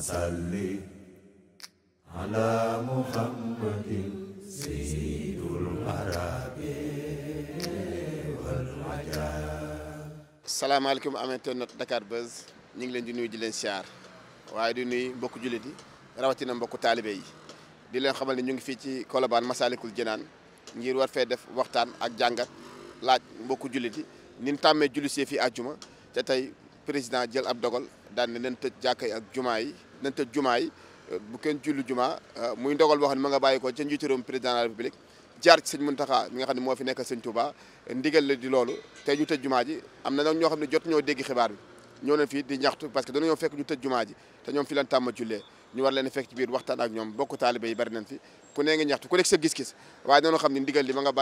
salli ala muhammadin sayyidul arabi wal ajam salaamaaleykum amante not Dakar Buzz ñu ngi leen di nuyu di leen siyaar waaye di nuyu mbokku jullit rawatina mbokku taalibe yi di leen xamal ni ñu ngi fii ci Colobane Massalikul Jinaan ngir war fee def waxtaan ak jàngat laaj mbokku jullit yi nin tàmmee julli see fii àjjuma te tey président jël ab dogal daan ne leen tëj jàkka yi ak jumaa yi dina tëj jumaa yi euh, bu kenn julli jumaa euh, muy ndogal boo xam ne ma nga bàyyi ko ca njiitu président de la république jaar ci ne moo fi nekk sëñ Touba ndigal la di ñu tëj jumaa ji na ñoo xam ne jot ñoo dégg xibaar bi ñoo leen fii ñaxtu parce que dañoo fekk fekk ci biir waxtaan ak ñoom bokk taalibe yi bari nañ fi ku nee nga ñaxtu ku nekk sa gis-gis waaye noonu xam ne ndigal li ma nga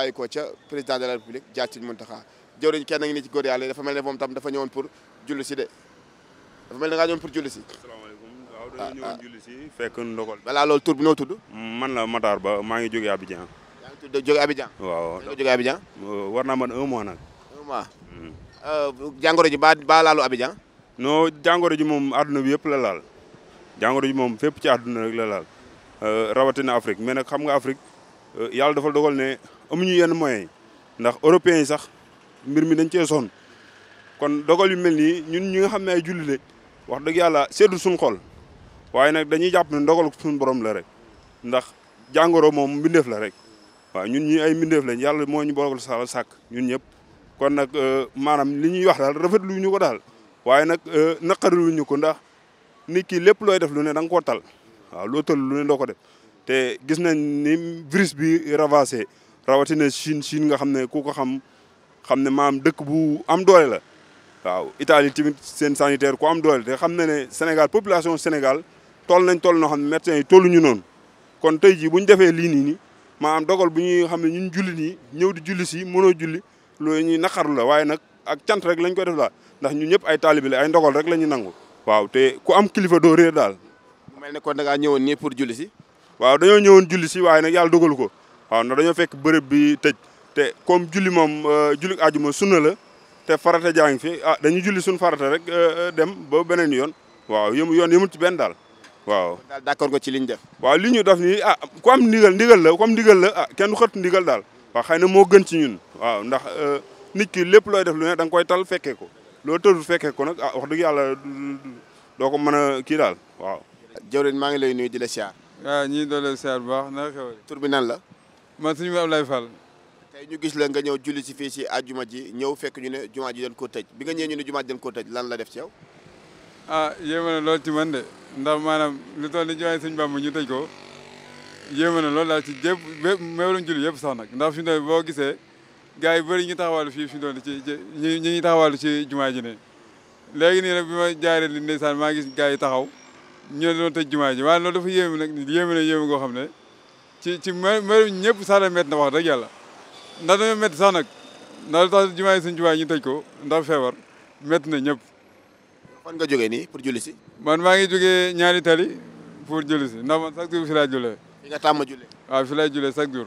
kenn ni ci dafa mel ne moom tam dafa ñëwoon pour julli si de dafa mel ne ngaa ñëwoon pour julli si dañoo ah, ñëwoon ah. julli si fekk ndogal. balaa loolu tur noo tudd. Mm, man la Matar Ba maa ngi jógee Abidjan. yaa ngi tudd jógee Abidjan. waaw da nga jógee Abidjan. Mm, war naa man un mois nag. un mm. euh, jàngoro ji ba ba laalu Abidjan. non jàngoro ji moom àdduna bi yëpp la laal. jàngoro ji moom fépp ci àdduna rek la laal. Euh, rawatina Afrique mais nag xam nga Afrique euh, yàlla dafa dogal ne amuñu yenn moyen yi ndax européens yi sax mbir mi nañ cee sonn kon dogal yu mel ni ñun ñi nga xam ne ay julli wax dëgg yàlla seddul suñu xol. waaye nag dañuy jàpp ne ndogalu suñu boroom la rek ndax jàngoro moom mbindeef la rek waaw ñun ñi ay mbindeef lañ yàlla moo ñu boole sa sàkk ñun ñëpp kon nag euh, maanaam li ñuy wax daal rafetlu ñu ko daal waaye nag euh, naqarilu ñu ko ndax nit ki lépp looy def lu ne da nga tal loo tal lu ne doo ko def te gis na ni virus bi ravagé rawatina Chine Chine nga xam ne ku ko xam xam ne maam dëkk bu am doole la waaw Italie tamit seen sanitaire ko am doole te xam na ne Sénégal population Sénégal toll nañ toll noo xam ne médecins yi tolluñu noonu kon tey ji bu ñu defee lii nii nii maanaam dogal bu ñuy xam ne ñun julli nii ñëw di julli si mënoo julli loolu ñuy naqarlu la waaye nag ak cant rek lañ ko def daal ndax ñun ñëpp ay taalibi la ay ndogal rek la ñu nangu. waaw te ku am kilifa doo réer daal. mu mel ne ñëwoon nii pour julli si. waaw dañoo ñëwoon julli si waaye nag yàlla dogalu ko waaw ndax dañoo fekk bërëb bi tëj te comme julli moom euh, julli àjjuma sunna la te farata jaa ngi fi ah dañu julli suñu farata rek euh, euh, dem ba beneen yoon waaw yëm yoon yëmul ci benn daal waaw daal d'accord nga ci li ñu def waaw li ñu def nii ah ku am ndigal ndigal la comme ndigal la a ah, kenn du xët ndigal daal waaw xëy na moo gën ci ñun waaw ndax euh, nit ki lépp looy def lu ne da nga koy tal fekkee ko loolu tëdul fekkee ko nag ah, wax dëgg yàlla doo ko mën a kii daal waaw jawriñ maa ngi lay nuyu di la siyaar waaw ah, ñii doo leen bi nan la man suñu Ablaye Fall tey ñu gis la nga ñëw julli si fii si juma ji ñëw fekk ñu ne jumaa ji dañ koo tëj bi nga ñëwee ñu ne jumaa ji dañ koo tëj lan la def ci yow ah yéema na loolu ci man de ndax maanaam lu toll ni jiwaay sëñ Bàmba ñu tëj ko yéeme na loolu daal ci jépp bépp meeluñ julli yëpp sax nag ndax fi mu boo gisee gars yi bëri ñu taxawaalu fii fi mu doon ci ñu ñu taxawaalu ci jumaa ji ne léegi ni nag bi ma jaaree li ndeysaan maa gis gars yi taxaw ñu ne doon tëj jumaa ji waaye loolu dafa yéeme nag yéeme na yéeme goo xam ne ci ci meeluñ ñëpp sax la métti na wax dëgg yàlla ndax dañoo métti sax nag ndax lu tax jumaa yi sëñ Tuubaa ñu tëj ko ndax feebar met na ñëpp fan nga jógee ni pour julli si. man maa ngi jógee ñaari tali pour julli si ndax man chaque jour fi laa jullee. fi nga tàmm jullee. waaw fi laa jullee chaque jour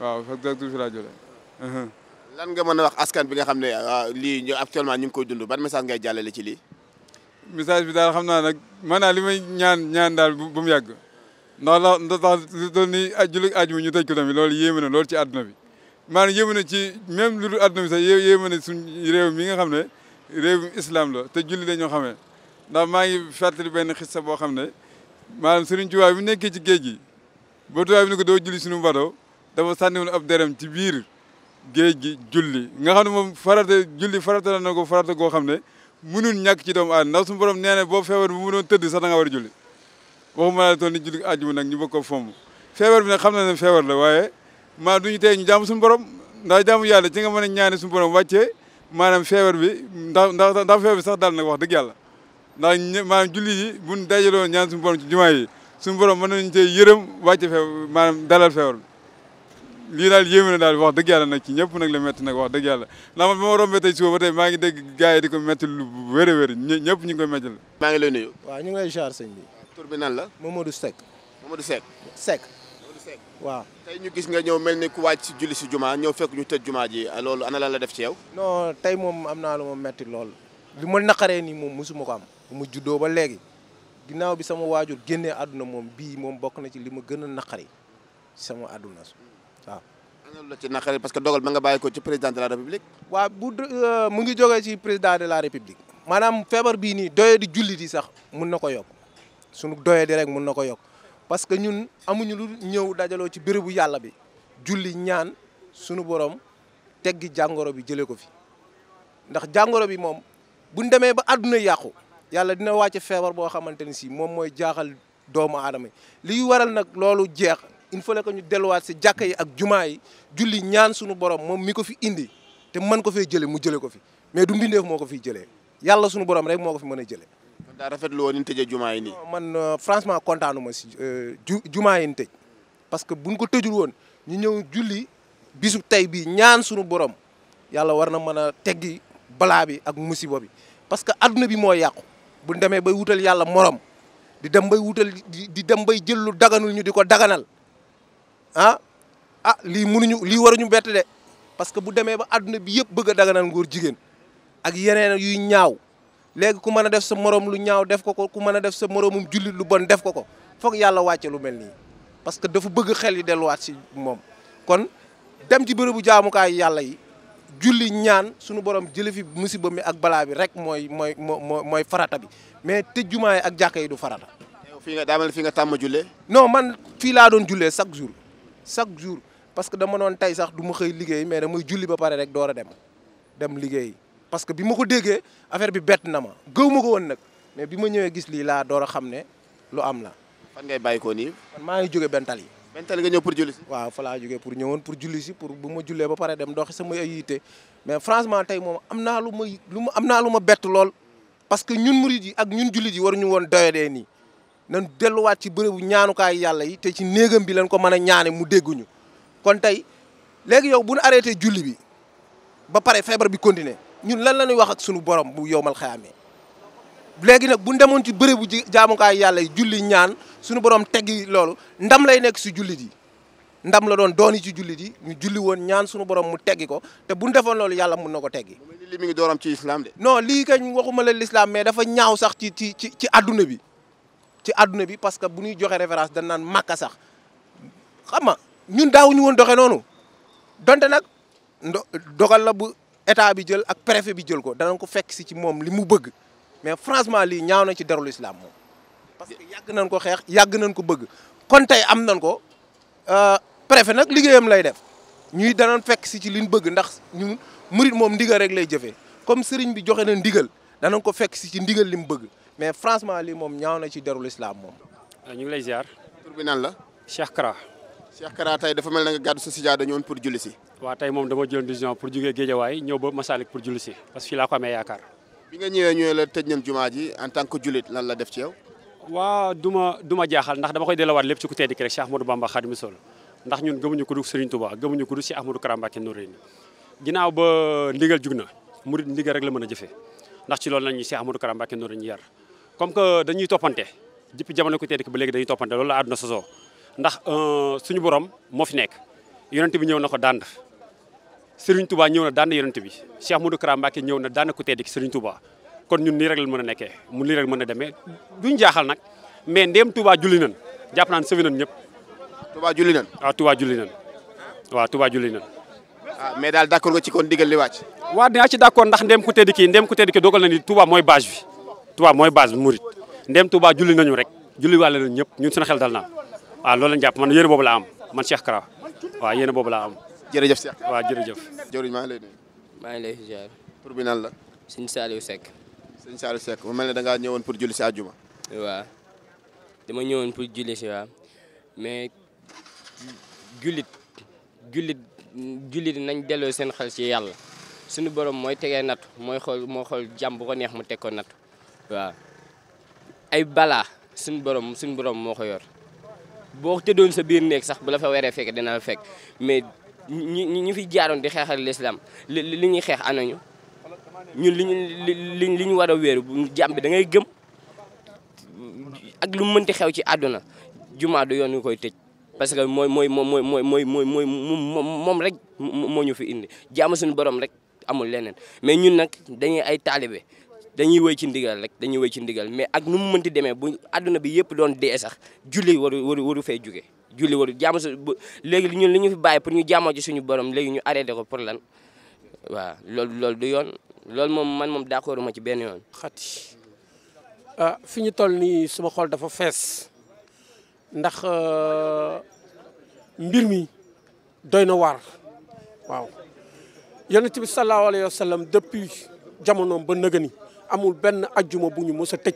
uh-huh. lan nga mën a wax askan bi nga xam ne ah, lii ñu actuellement ñu ngi koy dund ban message ngay jàllale ci li message bi daal xam naa nag man naa li may ñaan ñaan daal bu mu yàgg ndax la ndax lu toll nii julli àjjuma ñu tëj ko tamit loolu yéeme na loolu ci àdduna bi maanaam yéeme na ci même lu dul àdduna bi sax yéeme na suñ réew mi nga xam ne réewum islam la te julli la ñoo xamee ndax maa ngi fàttali benn xissa boo xam ne maanaam Sëriñ Tuubaa bi nekkee ci géej gi a tubaab bi ne ko doo julli suñu bato dafa sànniwoon ab derem ci biir géej gi julli nga xam ne moom farata julli farata la na ko farata goo xam ne mënul ñàkk ci doomu aadama ndax suñu borom nee boo feebar bu mënoon tëdd sax war a julli waxuma la toon ni julli àjjuma nag ñu bëgg ko fomm feebar bi nag xam na ne feebar la waaye maa duñu tey ñu jaamu suñu borom ndax jaamu yàlla ci nga mën a ñaane suñu borom wàccee maanaam feebar bi ndax ndax ndax feebar bi sax daal nag wax dëgg yàlla ndax maanaam julli yi buñ dajaloon ñaan suñu borom ci jumaa yi suñu borom mën nañu cee yërëm wàcce feebar maanaam dalal feebar bi lii daal yéeme daal wax dëgg yàlla nag ci ñëpp nag la métti nag wax dëgg yàlla ndax man ba ma rombee suba ba tey maa ngi dégg gars di ko met lu wér a wér ñëpp ñu ngi koy métti maa ngi lay nuyu waaw ñu ngi lay jaar sëñ bi tur bi nan la Mamadou Seck Mamadou Seck Seck waaw tey ñu gis nga ñëw mel ni ku wàcc si julli si jumaa ñëw fekk ñu tëj jumaa ji loolu ana la def ci yow. non tey moom am naa la moom metti lool li ma naqaree nii moom mosuma ko am mu juddoo ba léegi ginnaaw bi sama waajur génne àdduna moom bii moom bokk na ci li ma gën a naqari sama àdduna su waaw. ana la ci naqari parce que dogal ba nga bàyyi ko ci président de la république. waa bu euh, mu ngi jógee ci président de la république. maanaam feebar bii nii doye di jullit yi sax mun na ko yokk sunu doye di rek mun na ko yokk. parce que ñun amuñu lu ñëw dajaloo ci bérébu yàlla bi julli ñaan sunu borom teggi jàngoro bi jëlee ko fi ndax jàngoro bi moom buñ demee ba àdduna yàqu yàlla dina wàcce feebar boo xamante ni si moom mooy jaaxal doomu aadama yi liy waral nag loolu jeex il faut que ñu delluwaat si jàkka yi ak jumaa yi julli ñaan sunu borom moom mi ko fi indi te mën ko fee jëlee mu jëlee ko fi mais du mbindeef moo ko fiy jëlee yàlla sunu borom rek moo ko fi mën a jëlee daa rafetlu woon ni tëjee jumaa euh, euh, yi nii. man franchement kontaanu ma si ju jumaa yi parce que buñ ko tëjul woon ñu ñëw julli bisu tey bii ñaan sunu borom yàlla war na mën a teggi balaa bi ak musiba bi parce que adduna bi moo yàqu buñ demee bay wutal yàlla morom di dem bay wutal di dem bay jël lu daganul ñu di ko daganal ah ah lii mënuñu lii waruñu bett de parce que bu demee ba adduna bi yëpp bëgg a daganal ngóor jigéen ak yeneen yuy ñaaw. léegi ku mën a def sa moroom lu ñaaw def ko ko ku mën a def sa moroomum julli lu bon def ko ko foog yàlla wàcce lu mel nii parce que dafa bëgg xel yi delluwaat si moom kon dem ci bërëbu jaamukaay yàlla yi julli ñaan suñu borom jële fi musiba mi ak balaa bi rek mooy mooy moo mooy farata bi mais tëj jumaa ak jàkka yi du farata. fii nga daa fii nga tàmma jullee. non man fii laa doon jullee chaque jour chaque jour parce que dama noon tey sax du ma xëy liggéey mais damay julli ba pare rek door a dem dem liggéey. parce que bi ma ko déggee affaire bi bett na ma gëw ma ko woon nag mais bi ma ñëwee gis lii laa door a xam ne lu am la. fan ngay bàyyi ko nii. maa ngi jóge Bentali. Bentali nga ñëw pour julli si. waaw fa laa jógee pour ñëwoon pour julli si pour bu ma jullee ba pare dem doxi sama ay yitte mais franchement tey moom am naa lu ma lu ma am naa lu ma bett lool. parce que ñun murid yi ak ñun jullit yi ñu woon doyadee nii nan delluwaat ci bërëbu ñaanukaay yàlla yi te ci néegam bi lañ ko mën a ñaane mu dégguñu kon tey léegi yow bu arrêté julli bi ba pare feebar bi continuer ñun lan la ñuy wax ak sunu borom bu yowmal xayaamee léegi nag bu demoon ci bëre bu jaamukaay yàlla yi julli ñaan sunu borom teggi loolu ndam lay nekk si jullit yi ndam la doon doon yi ci jullit yi ñu julli woon ñaan sunu borom mu teggi ko te bu defoon loolu yàlla mun na ko teggi. li ngi dooram ci islam de. non lii kañ waxuma la l'islam mais dafa ñaaw sax ci ci ci ci adduna bi ci adduna bi parce que bu ñuy joxe référence dañ naan màkka sax xam nga ñun daawuñu woon doxee noonu donte nag dogal la état bi jël ak préfet bi jël ko danañ ko fekk si ci moom li mu bëgg mais franchement lii ñaaw na ci derul islam moom. parce que yàgg nañ ko xeex yàgg nañ ko bëgg kon tey am nañ ko euh, préfet nag liggéeyam lay def ñuy danañ fekk si ci li liñ bëgg ndax ñun murit moom ndigal rek lay jëfee comme sëriñ bi joxe na ndigal danañ ko fekk si ci ndigal li mu bëgg mais franchement lii moom ñaaw na ci derul islam moom. ñu ngi lay ziar. tur bi nan la. Cheikh Kara. Cheikh Kara tey dafa mel na nga gàddu sa sijaada ñëwoon pour julli si waaw tey moom dama jëloon décision pour jógee Géejawaay ñëw ba Masalik pour julli si parce que fii laa la tëj nañ jumaa ji en tant que jullit la def ci ndigal jug na murid ndigal rek la mën a jëfee ndax ci loolu lañu Cheikh Ahmadou Kara Mbacké Noreyni yar comme que dañuy toppante depuis jamono ku tedd ba léegi dañuy toppante loolu la àdduna sosoo ndax euh, suñu borom moo fi nekk yonent bi ñëw na ko dànd Serigne Touba ñëw na dànd yonent bi Cheikh Modou Kara ñëw na dànd ku tedd ki Serigne Touba kon ñun nii rek la mën a nekkee mu nii rek mën a demee duñ jaaxal nag mais ndéem Touba julli nañ jàpp naan sëwi na ñëpp. Touba ah, julli nañ. waaw Touba julli nañ waaw Touba julli nañ. ah mais daal ci kon digal li wàcc. waaw dinaa ci d'accord ndax ndéem ku tedd kii ndéem ku tedd na ni Touba mooy base bi Touba mooy base bi murit ndéem Touba julli nañu rek julli wàlle nañ ñëpp ñun suñu xel dal naa waaw loolu lañ jàpp man yéene boobu laa am man Cheikh Kara waaw yéene boobu laa am. jërëjëf Cheikh waaw jërëjëf. jëwriñ maa ngi lay nuyu. maa ngi lay ziar. tur bi nan la. sëñ Saliou Seck. sëñ Saliou Seck mu mel ne da ngaa ñëwoon pour julli si àjjuma. waaw dama ñëwoon pour julli si waaw mais jullit jullit jullit nañ delloo seen xel si yàlla suñu borom mooy tegee nattu mooy xool moo xool jàmm bu ko neex mu teg ko nattu waaw ay balaa suñu borom suñu borom moo ko yor. boo tëddoon sa biir néeg sax bu la fa waree fekk dina fekk mais ñi ñi fi jaaroon di xeexal l'islam li li ñuy xeex anañu ñun li ñu li li ñu war a weer bu jàmm da ngay gëm ak lu mënti xew ci àdduna jumaa du yoon wi koy tëj parce que mooy mooy mooy mooy mooy mooy mooy moom rek moo ñu fi indi jaamu suñu borom rek amul leneen mais ñun nag dañuy ay taalibe dañuy wéy ci ndigal rek dañuy wéy ci ndigal mais ak nu mu mënti demee bu àdduna bi yëpp doon dee sax julli waru waru waru fee jóge julli waru jaamu sa léegi ñun li ñu fi bàyyi pour ñu jaamoo ci suñu borom léegi ñu arrêté ko pour lan waaw lool loolu du yoon loolu moom man moom d'accord ma ci benn yoon. xati ah, fi ñu toll nii suma xool dafa fees ndax euh, mbir mi doy na waar waaw yonent bi sallallahu alayhi wa sallam depuis jamonoom ba nëgëni. amul benn ajjuma bu ñu mës a tëj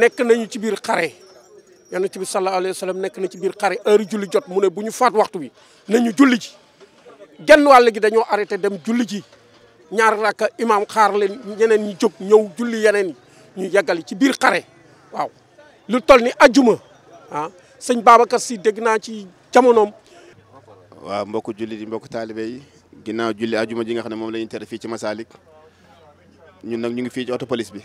nekk nañu ci biir xare yonent bi sallallahu alayhi wa sallam nekk na ci biir xare heure julli jot mu ne bu ñu faat waxtu wi nañu julli ji genn wàll gi dañoo arrêté dem julli ji ñaar rakka imaam xaar leen ñeneen ñi jóg ñëw julli yeneen ñu yeggali ci biir xare waaw lu toll ni ajjuma ah sëñ Babacar si dégg naa ci jamonoom waaw mbokku julli di mbokku taalibe yi ginnaaw julli ajjuma ji nga xam ne moom lañu tere fii ci Masalik ñun nag ñu ngi fii ci auto police bi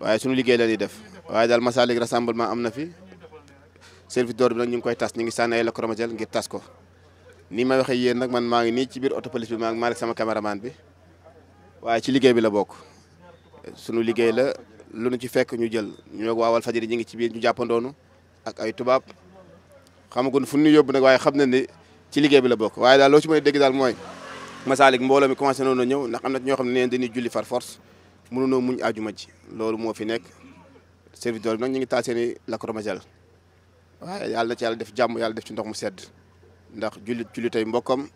waaye suñu liggéey la ñuy def waaye daal Massalik rassemblement am na fi service d'ordre bi nag ñu ngi koy tas ñu ngi sànni ay lacrymogène ngir tas ko ni ma waxee yéen nag man maa ngi nii ci biir auto police bi maa ngi Malick sama caméraman bi waaye ci liggéey bi la bokk sunu liggéey la lu nu ci fekk ñu jël ñoo waa Walfadjri ñu ngi ci biir ñu jàppandoonu ak ay tubaab xam xamagun fu ñu yóbbu nag waaye xam na ni ci liggéey bi la bokk waaye daal loo dégg daal mooy Masaalik mbooloo mi commencé noonu ñëw ndax am na ñoo xam ne neen dañuy julli far force mënunoo muñ ajuma ji loolu moo fi nekk serviteur bi nag ñu ngi taal seen i lacrymogène waaye yàlla na ci yàlla def jàmm yàlla def ci ndox mu sedd ndax jullit julli tey mbokkam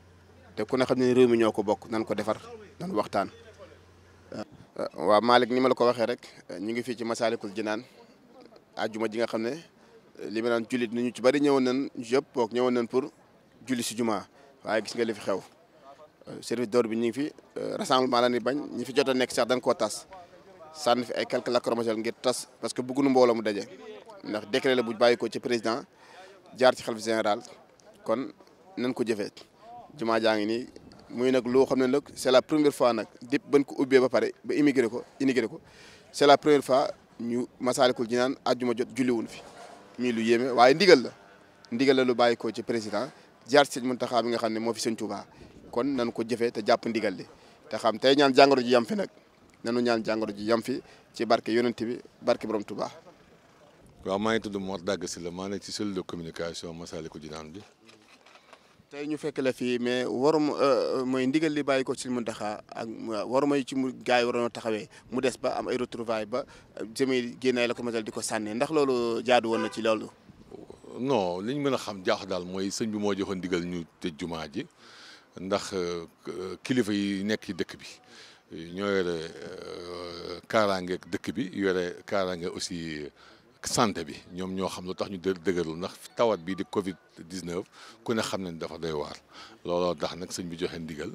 te ku ne xam ne réew mi ñoo ko bokk nan ko defar nan waxtaan waaw Malick ni ma la ko waxee rek ñu ngi fii ci Masaalikul naan ajuma ji nga xam ne li ma naan jullit ni ñu ci bari ñëwoon nañ yëpp boog ñëwoon nañ pour julli si jumaa waaye gis nga li xew service d'ordre bi ñu ngi fi euh, rassemblement la ni bañ ñi fi jot a nekk sax dañ koo tas sànni fi ay quelques lacrymogènes ngir tas parce que bëgguñu mbooloo mu daje ndax décret la bu bàyyi ko ci président jaar ci xalif général kon nañ ko jëfee jumaa jaa ngi nii muy nag loo xam ne nag c'est la première fois nag dip bañ ko ubbee ba pare ba ko immigré ko c'est la première fois ñu Masaalikul Jinaan àjjuma jot julliwuñ fi mii lu yéeme waaye ndigal la ndigal lu bàyyi ko ci président jaar ci Sëñ Muntaxa bi nga xam ne moo fi Sëñ Tuubaa kon nañ ko jëfee te jàpp ndigal li te xam tey ñaan jàngoro ji yam fi nag nanu ñaan jàngoro ji yam fi ci barke yonent bi barke borom Touba. waaw maa ngi tudd Mor Dagg si la maa nekk ci cellule de communication Massalikul Jinaan bi. tey ñu fekk la fii mais warum euh, euh, mooy ndigal li bàyyi ko ci Muntaxa ak waru may ci mu gars yi waroon taxawee mu des ba am ay ba jëmee génne la ko masal di ko sànni ndax loolu jaadu woon na ci loolu. no li ñu mën a xam jaax daal mooy sëñ bi moo joxoon ndigal ñu tëj jumaa ji. ndax euh, euh, kilifa yi nekk ci dëkk bi ñoo yore euh, kaaraangeeg dëkk bi yore kaaraange aussi santé bi ñoom ñoo xam lu tax ñu dëgërul ndax tawat bii di Covid 19 ku ne xam nañ dafa doy waar looloo tax nag sëñ bi joxe ndigal.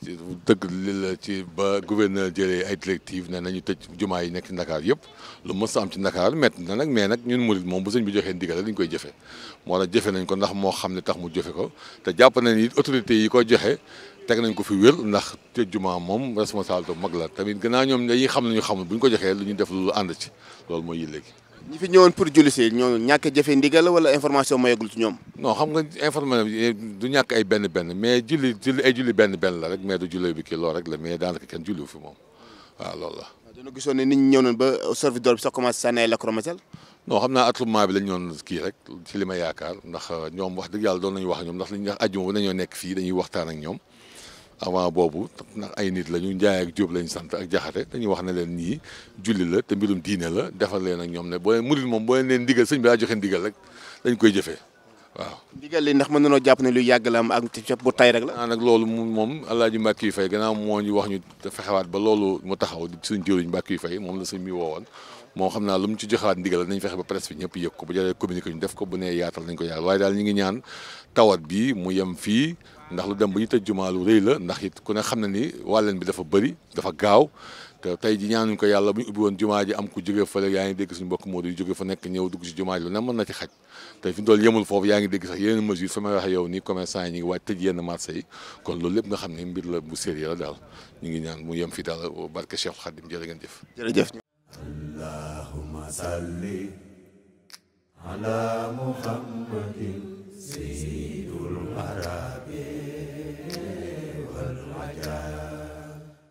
dëkk li la ci ba gouverneur jëlee ay directive ne nañu tëj jumaa yi nekk ci Ndakaar yëpp lu mës am ci Ndakaar metti na nag mais nag ñun murit moom bu sëñ bi joxee ndigal dañ koy jëfe moo tax jëfe nañ ko ndax moo xam ne tax mu jëfe ko te jàpp nañ ni autorité yi ko joxe teg nañ ko fi wér ndax tëj jumaa moom responsabilité bu mag la tamit gannaaw ñoom dañuy xam nañu xamul bu ñu ko joxee lu ñu def lu ànd ci loolu mooy yille gi ñi fi ñëwoon pour julli si ñoo ñàkk a jëfe ndigal wala information moo yeggul ci ñoom. non xam nga information eh, du ñàkk ay benn benn mais julli julli ay benn benn la rek mais du julli bi kii loolu rek la mais daanaka kenn julliwu fi moom waaw loolu la. waaw ah, gisoon ne nit ñi ñëw nañ ba serviteur bi sax commencé sànni ay lacrymogène. non xam naa attroupement bi lañ ñoon kii rek ci li ma yaakaar ndax eh, ñoom wax dëgg yàlla doon nañu wax ñoom ndax liñ wax ajjuma bu nañoo nekk fii dañuy waxtaan ñoom avant boobu ndax ay nit lañu Njaay ak Jóob lañ sant ak Jaxate dañuy wax ne leen nii julli la te mbirum diine la defal leen ak ñoom ne boo leen moom boo leen leen ndigal sëñ bi daa joxe ndigal rek dañ koy jëfee waaw. ndigal jàpp ne lu yàgg am ak ci bu tay rek la. ah nag loolu moom El Hadj Mbackiou Faye gannaaw moo ñu wax ñu fexewaat ba loolu mu taxaw suñ jëriñ Mbackiou Faye moom la sëñ bi woowoon moo xam naa lu mu ci joxaat ndigal nañ fexe ba presse bi ñëpp yëg ko bu jëlee communiqué ñu def ko bu nee yaatal nañ ko yaatal waaye daal ñu ngi ñaan tawat bi mu yem fii ndax lu dem ba ñu tëj jumaa lu rëy la ndax it ku ne xam na ni wàlleen bi dafa bëri dafa gaaw te tey ji ñaanuñ ko yàlla bu ñu ubbi woon jumaa ji am ku jóge fa yaa ngi dégg suñu bokk moo di jóge fa nekk ñëw dugg si jumaa ji lu ne mën na ci xaj te fi mu dool yemul foofu yaa ngi dégg sax yeneen mesure fa may waxee yow ni commerçant yi yenn marché yi kon loolu lépp nga xam ne mbir la bu sérieux la daal ñu ngi ñaan mu yem fi daal barke Cheikh Khadim jërë ngeen jëf jërëjëf Allahumma salli ala Muhammadin sayyidul arab